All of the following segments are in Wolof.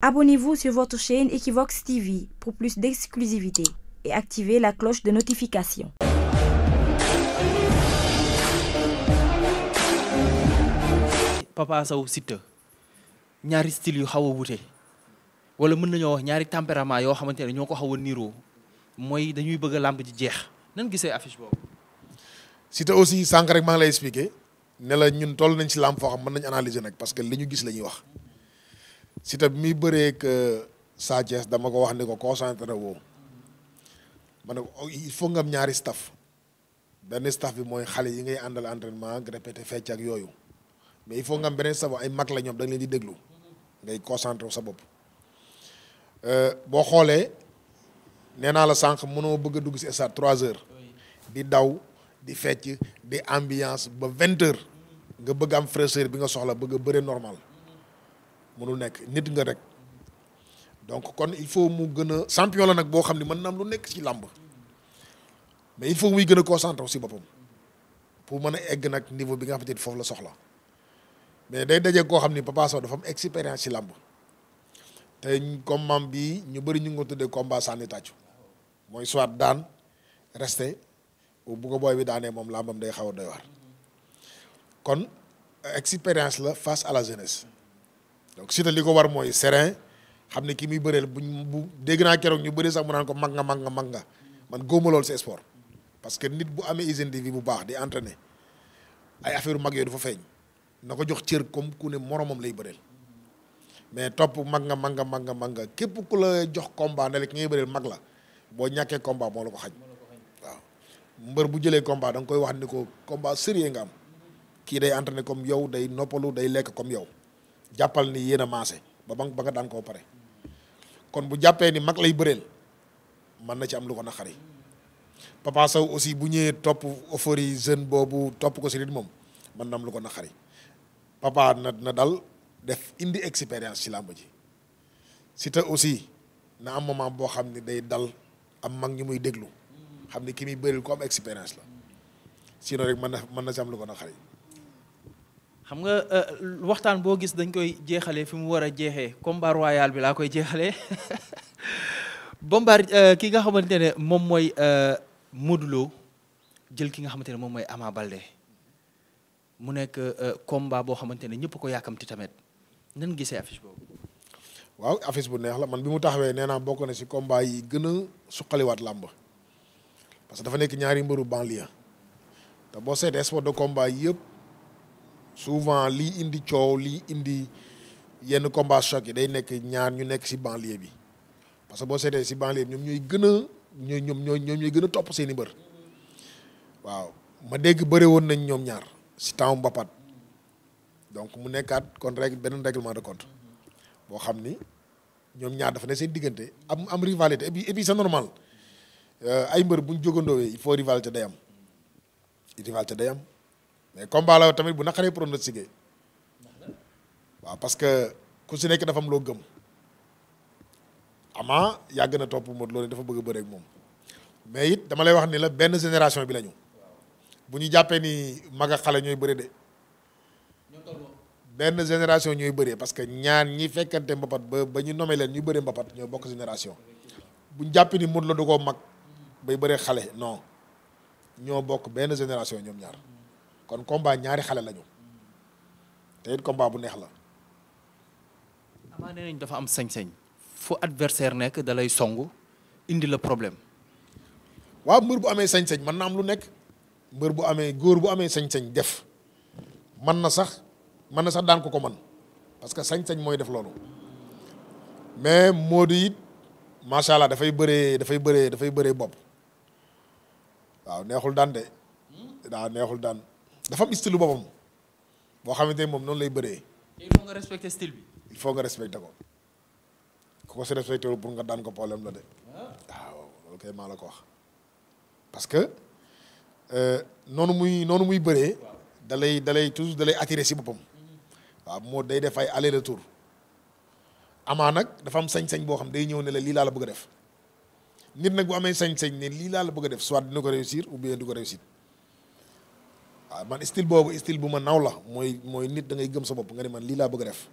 Abonnez-vous sur votre chaîne Equivox TV pour plus d'exclusivité et activez la cloche de notification. Papa Sow Siteu ñaari style yu xaw a wute wala mën nañoo wax ñaari tempérament yoo xamante ne ñoo ko xaw a niiroo mooy dañuy bëgg a làmb ji jeex nan gisee affiche boobu. Siteu aussi sànq rek maa ngi lay expliqué ne la ñun toll nañ si làmb foo xam mën nañ analyser nag parce que li ñu gis la ñuy wax. Siteu bi muy bëree euh, Sa Thiès dama ko wax ni ko concentré woo ma ne ko oh, il faut ngam ñaari staff benn staff bi mooy xale yi ngay àndal entraînement répété fecc ak yooyu mais il faut nga am beneen staff ay mag la ñoom da nga leen di déglu ngay concentré wu sa bopp euh, boo xoolee nee naa la sànq mënoo bëgg a dugg si stade trois heures di daw di fecc di ambiance ba vingt heures nga bëgg am fraîcheur bi nga soxla bëgg a bëre normal mënul nekk nit nga rek donc kon il faut mu gën a champion la nag boo xam ne mën na am lu nekk ci làmb mais il faut muy gën a concentré aussi boppam pour mën a egg nag niveau bi nga xamante ni foofu la soxla mais day daje koo xam ni Papa Sow dafa am expérience ci làmb te comme maam bi ñu bëri ñu ngi ko tuddee combat sànni tàccu mooy soit daan resté bu ko booy bi daanee moom làmbam day xaw a doy waar kon expérience la face à la jeunesse donc Siteu li ko war mooy serein xam ne kii muy bëreel buñ bu dégg naa keroog ñu bëri sax mu naan ko mag nga mag nga mag nga man góoma lool si sport parce que nit bu amee hygiène di vie bu baax di entraîner ay affaire mag yooyu du fa feeñ na ko jox cër comme ku ne moromam lay bëreel mais topp mag nga mag nga mag nga mag nga képp ku la jox combat ne la ki ngay bëreel mag la boo ñàkkee combat moo la ko xañ waaw mbër bu jëlee combat da nga koy wax ni ko combat sérieux nga am kii day entraîner comme yow day noppalu day lekk comme yow jàppal ni yéen a maase ba ba nga daan koo pare kon bu jàppee ni mag lay bëreel mën na ci am lu ko naqari Papa aussi bu ñëwee topp euphorie jeune boobu topp ko si nit moom mën na am lu ko naqari Papa na na dal def indi expérience ci làmb ji te aussi na am moment boo xam ne day dal am mag ñu muy déglu xam ne ki muy bëri ko am expérience la sinon rek mën na mën na si am lu ko naqari xam nga euh, waxtaan boo gis dañ koy jeexalee fi mu war a jeexee combat royal bi laa koy jeexalee Bombard euh, ki nga xamante ne moom mooy euh, Modou Lo jël ki nga xamante ne moom mooy Ama Baldé mu nekk combat boo xamante ne ñëpp ko yàkkamti tamit nan gisee affiche boobu. waaw affiche bu neex la man bi mu taxawee nee naa bokk na ci combat yi gën a suqaliwaat làmb parce que dafa nekk ñaari mbëru banlieue te boo seetee sport de combat yëpp. souvent lii indi coow lii indi yenn combat choc yi day nekk ñaar ñu nekk si banlieue bi parce que boo seetee si banlieue bi ñoom ñooy gën a ñooy ñoom ñooy ñoom ñooy gën a topp seen i waaw ma dégg bëre woon nañ ñoom ñaar si temps mbapat mu nekkaat kon rek beneen règlement de compte boo xam ni ñoom ñaar dafa ne seen diggante am am rivalité et puis et puis c'est normal euh, ay mbër bu ñu jógandoowee il faut rivalité day am rivalité day am. mais combat la tamit bu naqaree pronostiqué waaw parce que ku si nekk dafa am loo gëm ama yàgg na topp Modou Lo ne dafa bëgg a moom mais it dama lay wax ni la benn génération bi lañu bu ñu jàppee ni mag xale ñooy bëre de benn génération ñooy bëree parce que ñaar ñi fekkante mbapat ba ba ñu nomee leen ñu bëree mbapat ñoo bokk génération bu ñu jàppee ni Modou la du ko mag bay bëree xale non ñoo bokk benn génération ñoom ñaar kon combat ñaari xale lañu te it combat bu neex la. amaa nee nañ dafa am sañ-sañ fu adversaire nekk dalay lay song indi la problème. waaw mbër bu amee sañ-sañ man na am lu nekk mbër bu amee góor bu amee sañ-sañ def mën na sax mën na sax daan ko ko mën parce que sañ-sañ mooy def loolu mais Modou it macha allah dafay bëree dafay bëree dafay bëree bopp waaw neexul daan de hmm? waaw neexul daan. dafa am style boppam boo xamante ne moom noonu lay bëree. il faut nga respecter style bi. il faut nga respecter ko ku ko si respecté pour nga daan ko problème la de. Ah. Ah, waaw kay maa la ko wax parce que euh, noonu muy noonu muy bëree. da dalay da lay toujours da lay si boppam. waaw moo day def ay aller retour amaa nag dafa am sañ-sañ boo xam day ñëw ne la lii laa la bëgg a def nit nag bu amee sañ-sañ ne lii laa la bëgg def soit dina ko réussir ou bien du ko réussir waaw ah, man style boobu style bu ma naw la mooy mooy nit da ngay gëm sa bopp nga ne man lii laa bëgg a def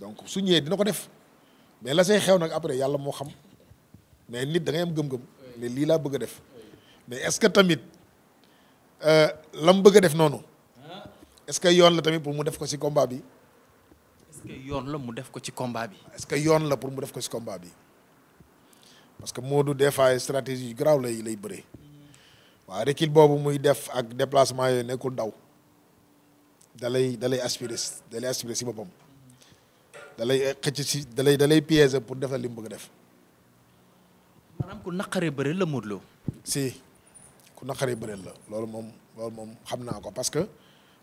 donc su ñëwee dina ko def mais la say xew nag après yàlla moo xam mais nit da ngay am gëm-gëm ne lii laa bëgg a def mais est-ce que tamit euh, la mu bëgg def noonu est-ce que yoon la tamit pour mu def ko si combat bi. est que yoon la mu def ko ci combat bi. est que yoon la pour mu def ko si combat bi parce que Modou des fois stratégie yu garaaw lay lay bëree. waa recul boobu muy def ak déplacement yooyu nekkul daw da lay da lay aspiré da lay aspiré si boppam da xëcc si da lay pour def la li bëgg a def. maanaam ku naqaree bëri la Modou Lo. si ku bëri la loolu moom loolu moom xam naa ko parce que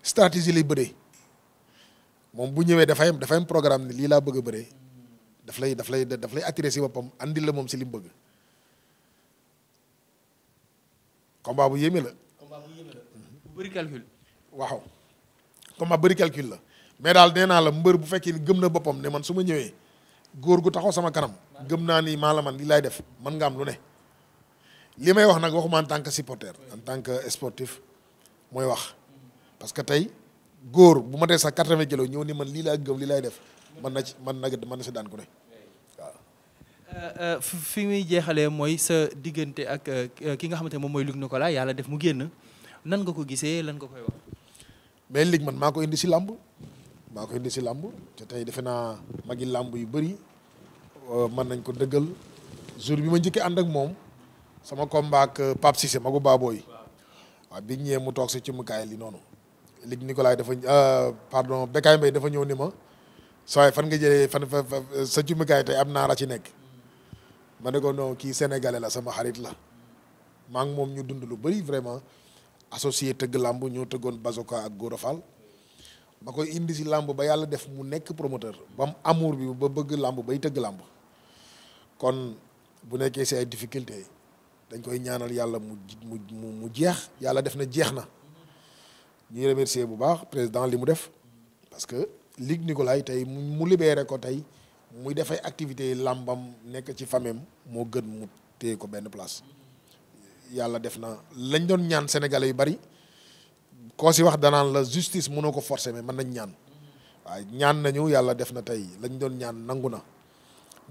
stratégie lay bëree moom bu ñëwee dafay dafay am programme ni lii laa bëgg a bëree daf lay daf lay daf lay attiré si boppam andi la moom si li mu bëgg. combat bu la. combat bu yéeme la bu bëri calcul. waaw combat bëri calcul la mais daal nee naa la mbër bu fekkee ni gëm na boppam ne man su ma ñëwee góor gu taxoo sama kanam. gëm naa ni maa la man li laay def man nga am lu ne. li may wax nag waxuma en tant que supporter en tant que sportif mooy wax parce que tey góor bu ma dee sax quatre-vingts kilos ñëw nii man lii laa gëm li laay def man na ci man na man na si daan ku ne. Euh, euh, fi muy jeexale mooy sa diggante ak euh, ki nga xamante moom mooy Luc Nicolas yàlla def mu génn nan nga ko gisee lan ko koy wax. mais lig man maa ko indi si làmb maa ko indi si làmb te tey defe naa magi làmb yu bëri mën nañ ko dëggal jour bi ma njëkkee ànd ak moom sama kom ak Pape Cissé magu baaboo yi bi ñëwee mu toog si ci mukaay li noonu. Luc Nicolas dafa pardon Bécaye Mbaye dafa ñëw ni ma saa fan nga jëlee fan sa cumukaay tey am naa la ci nekk. ma ne ko non kii la sama xarit la maa ngi moom ñu dund lu bëri vraiment associé tëgg làmb ñoo tëggoon Bazoka ak Gora Fall ma koy indi si làmb ba yàlla def mu nekk promoteur ba mu amour bi ba bëgg làmb bay tëgg làmb kon bu nekkee si ay difficulté dañ koy ñaanal yàlla mu mu mu jeex yàlla def na jeex na ñuy remercier bu baax président li mu def parce que Luc Nicolaï tey mu libéré ko tey muy def activité làmbam nekk ci fameem moo gën mu téye ko benn place yàlla def na lañ doon ñaan sénégalais yu bari koo si wax danaan la justice mënoo ko forcer mais mën nañ ñaan waaye ñaan nañu yàlla def na tey lañ doon ñaan nangu na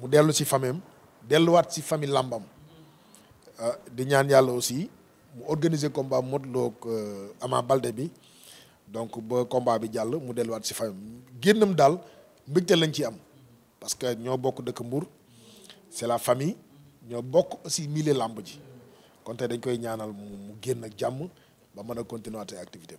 mu dellu si fameem delluwaat si famille làmbam euh, di ñaan yàlla aussi mu organiser combat Modou Lo ak euh, Ama bi donc ba combat bi jàll mu delluwaat si famille génnam daal mbégte lañ ci am parce que ñoo bokk dëkk Mbour c'est la famille ñoo bokk aussi milieu làmb ji kon tey dañ koy ñaanal mu génn ak jàmm ba mën a continuer activité